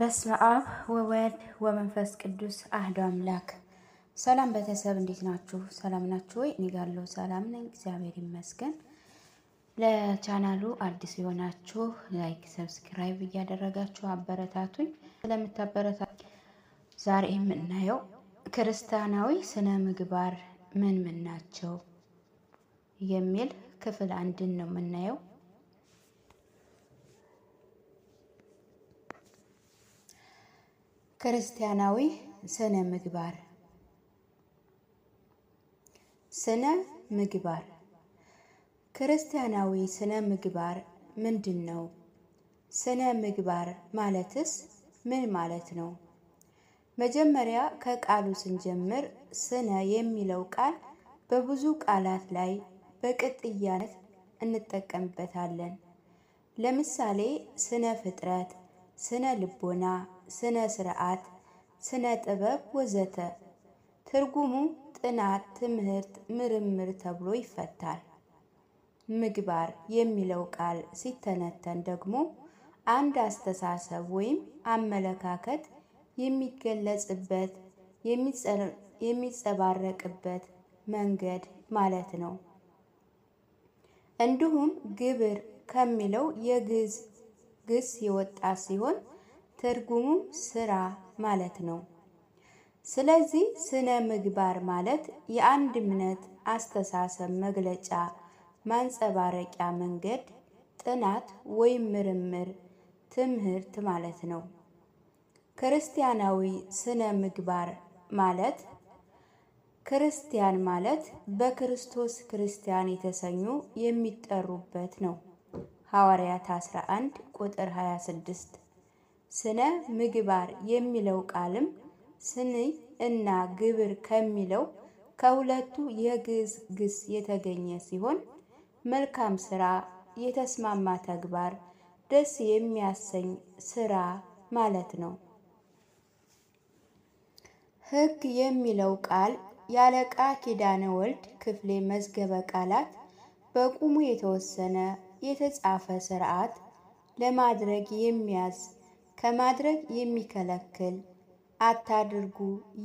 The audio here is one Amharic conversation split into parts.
በስመ አብ ወወልድ ወመንፈስ ቅዱስ አህዶ አምላክ። ሰላም ቤተሰብ፣ እንዴት ናችሁ? ሰላም ናችሁ ወይ? እኔ ጋር አለሁ ሰላም ነኝ፣ እግዚአብሔር ይመስገን። ለቻናሉ አዲስ የሆናችሁ ላይክ፣ ሰብስክራይብ እያደረጋችሁ አበረታቱኝ። ስለምታበረታቱ ዛሬ የምናየው ክርስቲያናዊ ስነ ምግባር ምን ምን ናቸው የሚል ክፍል አንድን ነው የምናየው ክርስቲያናዊ ስነ ምግባር ስነ ምግባር ክርስቲያናዊ ስነ ምግባር ምንድን ነው? ስነ ምግባር ማለትስ ምን ማለት ነው? መጀመሪያ ከቃሉ ስንጀምር ስነ የሚለው ቃል በብዙ ቃላት ላይ በቅጥያነት እንጠቀምበታለን። ለምሳሌ ስነ ፍጥረት፣ ስነ ልቦና፣ ስነ ስርዓት፣ ስነ ጥበብ ወዘተ። ትርጉሙ ጥናት፣ ትምህርት፣ ምርምር ተብሎ ይፈታል። ምግባር የሚለው ቃል ሲተነተን ደግሞ አንድ አስተሳሰብ ወይም አመለካከት የሚገለጽበት የሚጸባረቅበት መንገድ ማለት ነው። እንዲሁም ግብር ከሚለው የግዕዝ ግስ የወጣ ሲሆን ትርጉሙም ስራ ማለት ነው። ስለዚህ ስነ ምግባር ማለት የአንድ እምነት አስተሳሰብ መግለጫ ማንጸባረቂያ መንገድ፣ ጥናት ወይም ምርምር፣ ትምህርት ማለት ነው። ክርስቲያናዊ ስነ ምግባር ማለት ክርስቲያን ማለት በክርስቶስ ክርስቲያን የተሰኙ የሚጠሩበት ነው። ሐዋርያት 11 ቁጥር 26 ስነ ምግባር የሚለው ቃልም ስኒ እና ግብር ከሚለው ከሁለቱ የግዕዝ ግስ የተገኘ ሲሆን መልካም ስራ፣ የተስማማ ተግባር፣ ደስ የሚያሰኝ ስራ ማለት ነው። ሕግ የሚለው ቃል የአለቃ ኪዳነ ወልድ ክፍሌ መዝገበ ቃላት በቁሙ የተወሰነ የተጻፈ ስርዓት ለማድረግ የሚያዝ ከማድረግ የሚከለክል አታድርጉ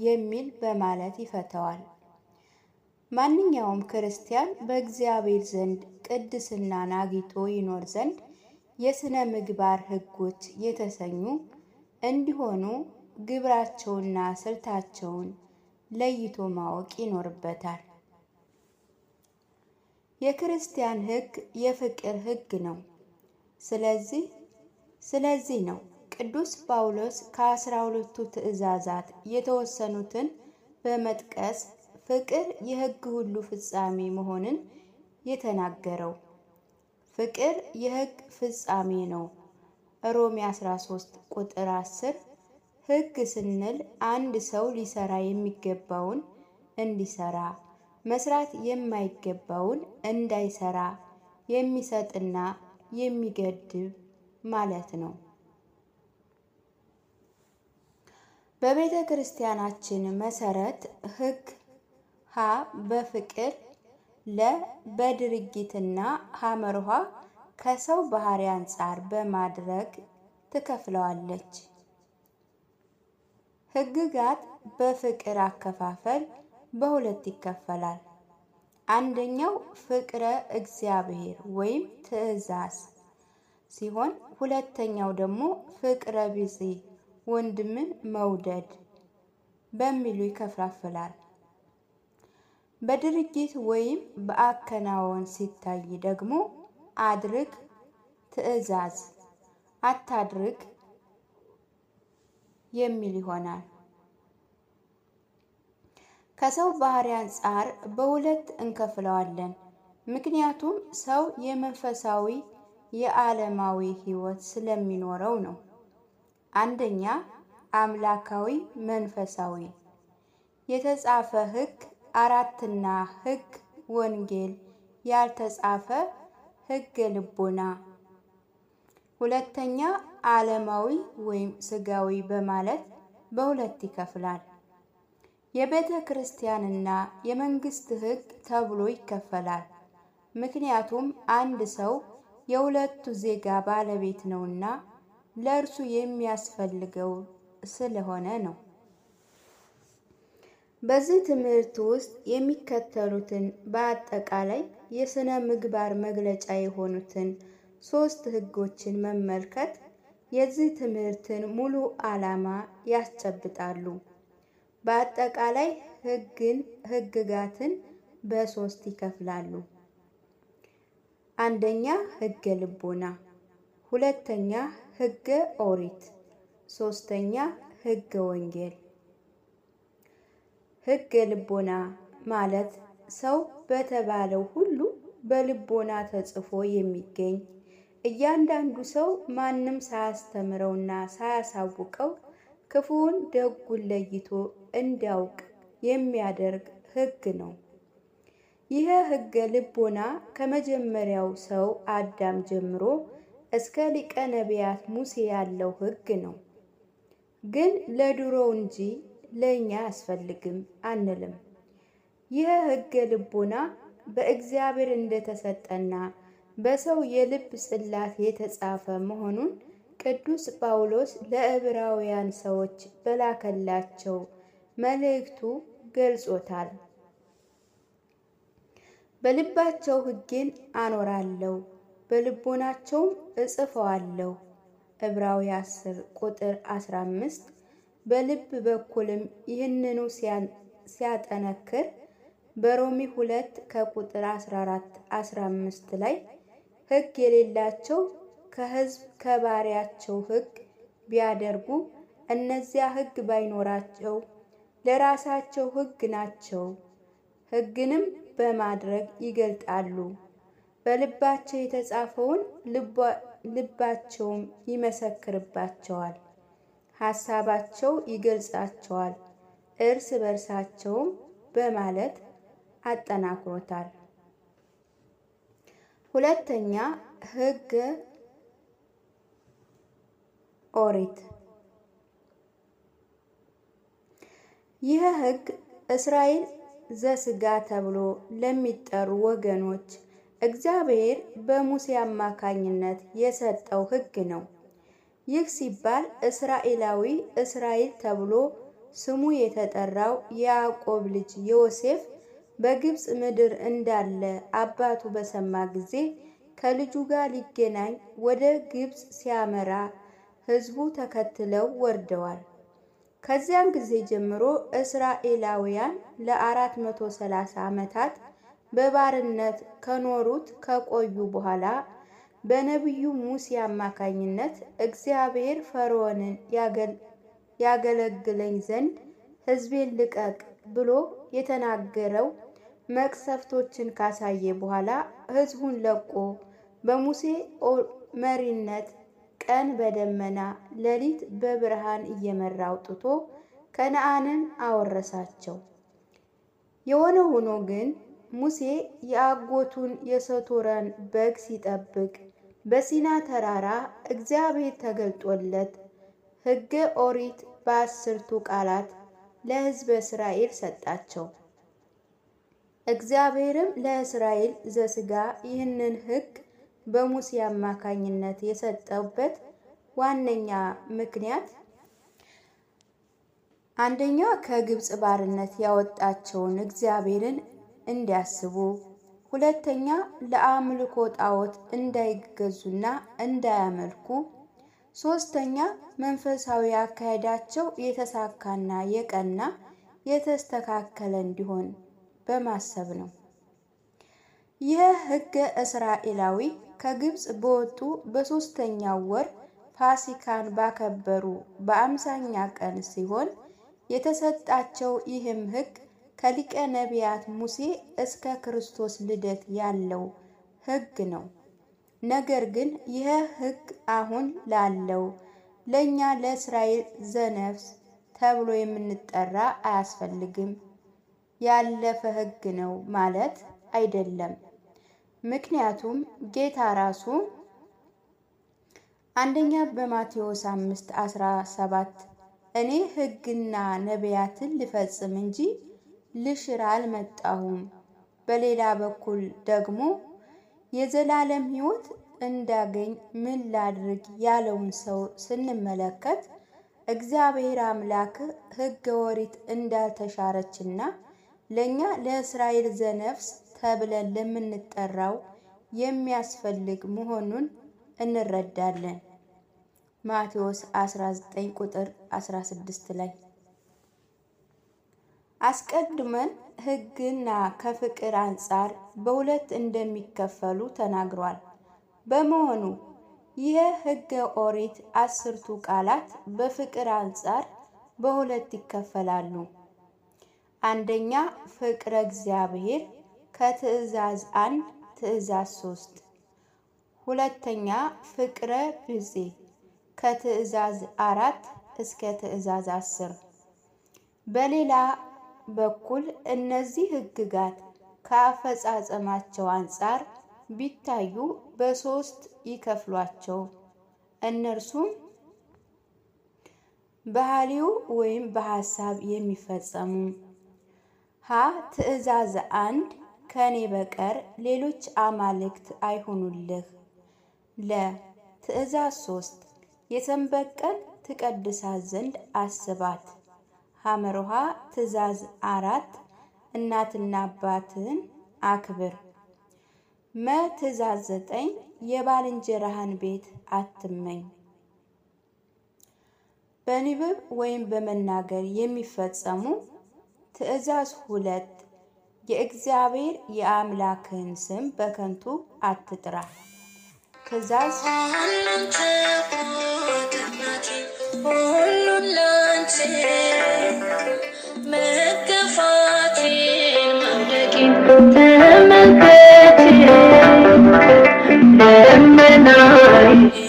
የሚል በማለት ይፈተዋል። ማንኛውም ክርስቲያን በእግዚአብሔር ዘንድ ቅድስናን አግኝቶ ይኖር ዘንድ የሥነ ምግባር ሕጎች የተሰኙ እንዲሆኑ ግብራቸውና ስልታቸውን ለይቶ ማወቅ ይኖርበታል። የክርስቲያን ሕግ የፍቅር ሕግ ነው። ስለዚህ ስለዚህ ነው ቅዱስ ጳውሎስ ከአስራ ሁለቱ ትእዛዛት የተወሰኑትን በመጥቀስ ፍቅር የሕግ ሁሉ ፍጻሜ መሆንን የተናገረው ፍቅር የሕግ ፍጻሜ ነው። ሮሜ 13 ቁጥር 10 ሕግ ስንል አንድ ሰው ሊሰራ የሚገባውን እንዲሰራ፣ መስራት የማይገባውን እንዳይሰራ የሚሰጥና የሚገድብ ማለት ነው። በቤተ ክርስቲያናችን መሰረት ህግ ሀ በፍቅር ለ በድርጊትና ሀመርኋ ከሰው ባህሪ አንጻር በማድረግ ትከፍለዋለች። ህግጋት በፍቅር አከፋፈል በሁለት ይከፈላል። አንደኛው ፍቅረ እግዚአብሔር ወይም ትእዛዝ ሲሆን ሁለተኛው ደግሞ ፍቅረ ቢጽ ወንድምን መውደድ በሚሉ ይከፋፈላል። በድርጊት ወይም በአከናወን ሲታይ ደግሞ አድርግ፣ ትዕዛዝ፣ አታድርግ የሚል ይሆናል። ከሰው ባህሪ አንጻር በሁለት እንከፍለዋለን። ምክንያቱም ሰው የመንፈሳዊ የዓለማዊ ሕይወት ስለሚኖረው ነው። አንደኛ አምላካዊ መንፈሳዊ የተጻፈ ሕግ አራትና ሕግ ወንጌል ያልተጻፈ ህገ ልቦና። ሁለተኛ ዓለማዊ ወይም ስጋዊ በማለት በሁለት ይከፍላል። የቤተ ክርስቲያንና የመንግስት ሕግ ተብሎ ይከፈላል። ምክንያቱም አንድ ሰው የሁለቱ ዜጋ ባለቤት ነውና ለእርሱ የሚያስፈልገው ስለሆነ ነው። በዚህ ትምህርት ውስጥ የሚከተሉትን በአጠቃላይ የስነ ምግባር መግለጫ የሆኑትን ሶስት ህጎችን መመልከት የዚህ ትምህርትን ሙሉ ዓላማ ያስጨብጣሉ። በአጠቃላይ ህግን ህግጋትን በሶስት ይከፍላሉ። አንደኛ ህገ ልቦና ሁለተኛ ህገ ኦሪት፣ ሶስተኛ ህገ ወንጌል። ህገ ልቦና ማለት ሰው በተባለው ሁሉ በልቦና ተጽፎ የሚገኝ እያንዳንዱ ሰው ማንም ሳያስተምረውና ሳያሳውቀው ክፉውን ደጉን ለይቶ እንዲያውቅ የሚያደርግ ህግ ነው። ይህ ህገ ልቦና ከመጀመሪያው ሰው አዳም ጀምሮ እስከ ሊቀ ነቢያት ሙሴ ያለው ሕግ ነው። ግን ለድሮው እንጂ ለእኛ አያስፈልግም አንልም። ይህ ሕገ ልቦና በእግዚአብሔር እንደተሰጠና በሰው የልብ ጽላት የተጻፈ መሆኑን ቅዱስ ጳውሎስ ለዕብራውያን ሰዎች በላከላቸው መልእክቱ ገልጾታል። በልባቸው ሕጌን አኖራለሁ በልቦናቸውም እጽፈዋለሁ። ዕብራዊ 10 ቁጥር 15 በልብ በኩልም ይህንኑ ሲያጠነክር በሮሜ 2 ከቁጥር 14 15 ላይ ሕግ የሌላቸው ከሕዝብ ከባሪያቸው ሕግ ቢያደርጉ እነዚያ ሕግ ባይኖራቸው ለራሳቸው ሕግ ናቸው፣ ሕግንም በማድረግ ይገልጣሉ። በልባቸው የተጻፈውን ልባቸውም ይመሰክርባቸዋል፣ ሀሳባቸው ይገልጻቸዋል፣ እርስ በርሳቸውም በማለት አጠናክሮታል። ሁለተኛ ሕግ ኦሪት። ይህ ሕግ እስራኤል ዘስጋ ተብሎ ለሚጠሩ ወገኖች እግዚአብሔር በሙሴ አማካኝነት የሰጠው ሕግ ነው። ይህ ሲባል እስራኤላዊ እስራኤል ተብሎ ስሙ የተጠራው የያዕቆብ ልጅ ዮሴፍ በግብፅ ምድር እንዳለ አባቱ በሰማ ጊዜ ከልጁ ጋር ሊገናኝ ወደ ግብፅ ሲያመራ ሕዝቡ ተከትለው ወርደዋል። ከዚያም ጊዜ ጀምሮ እስራኤላውያን ለአራት መቶ ሰላሳ ዓመታት በባርነት ከኖሩት ከቆዩ በኋላ በነቢዩ ሙሴ አማካኝነት እግዚአብሔር ፈርዖንን ያገለግለኝ ዘንድ ሕዝቤን ልቀቅ ብሎ የተናገረው መቅሰፍቶችን ካሳየ በኋላ ሕዝቡን ለቆ በሙሴ መሪነት ቀን በደመና ሌሊት በብርሃን እየመራ አውጥቶ ከነዓንን አወረሳቸው። የሆነ ሆኖ ግን ሙሴ የአጎቱን የሰቶራን በግ ሲጠብቅ በሲና ተራራ እግዚአብሔር ተገልጦለት ሕገ ኦሪት በአስርቱ ቃላት ለሕዝበ እስራኤል ሰጣቸው። እግዚአብሔርም ለእስራኤል ዘስጋ ይህንን ሕግ በሙሴ አማካኝነት የሰጠበት ዋነኛ ምክንያት አንደኛ ከግብፅ ባርነት ያወጣቸውን እግዚአብሔርን እንዲያስቡ፣ ሁለተኛ ለአምልኮ ጣዖት እንዳይገዙና እንዳያመልኩ፣ ሶስተኛ መንፈሳዊ አካሄዳቸው የተሳካና የቀና የተስተካከለ እንዲሆን በማሰብ ነው። ይህ ሕገ እስራኤላዊ ከግብፅ በወጡ በሶስተኛው ወር ፋሲካን ባከበሩ በአምሳኛ ቀን ሲሆን የተሰጣቸው ይህም ሕግ ከሊቀ ነቢያት ሙሴ እስከ ክርስቶስ ልደት ያለው ሕግ ነው። ነገር ግን ይህ ሕግ አሁን ላለው ለእኛ ለእስራኤል ዘነፍስ ተብሎ የምንጠራ አያስፈልግም። ያለፈ ሕግ ነው ማለት አይደለም። ምክንያቱም ጌታ ራሱ አንደኛ በማቴዎስ 5 17 እኔ ሕግና ነቢያትን ልፈጽም እንጂ ልሽር አልመጣሁም። በሌላ በኩል ደግሞ የዘላለም ሕይወት እንዳገኝ ምን ላድርግ ያለውን ሰው ስንመለከት እግዚአብሔር አምላክ ሕገ ኦሪት እንዳልተሻረችና ለእኛ ለእስራኤል ዘነፍስ ተብለን ለምንጠራው የሚያስፈልግ መሆኑን እንረዳለን። ማቴዎስ 19 ቁጥር 16 ላይ አስቀድመን ሕግና ከፍቅር አንጻር በሁለት እንደሚከፈሉ ተናግሯል። በመሆኑ ይህ ሕገ ኦሪት አስርቱ ቃላት በፍቅር አንጻር በሁለት ይከፈላሉ። አንደኛ ፍቅረ እግዚአብሔር ከትእዛዝ አንድ ትእዛዝ ሶስት ሁለተኛ ፍቅረ ብፁዕ ከትእዛዝ አራት እስከ ትእዛዝ አስር በሌላ በኩል እነዚህ ሕግጋት ከአፈጻጸማቸው አንጻር ቢታዩ በሶስት ይከፍሏቸው። እነርሱም ባህሪው ወይም በሀሳብ የሚፈጸሙ ሀ ትእዛዝ አንድ ከኔ በቀር ሌሎች አማልክት አይሆኑልህ። ለ ትእዛዝ ሶስት የሰንበት ቀን ትቀድሳት ዘንድ አስባት። ሀመርሃ ትዕዛዝ አራት እናትና አባትን አክብር። መ ትዕዛዝ ዘጠኝ የባልንጀራህን ቤት አትመኝ። በንብብ ወይም በመናገር የሚፈጸሙ ትዕዛዝ ሁለት የእግዚአብሔር የአምላክህን ስም በከንቱ አትጥራ። ትዕዛዝ ተመልከች ደመናይሽ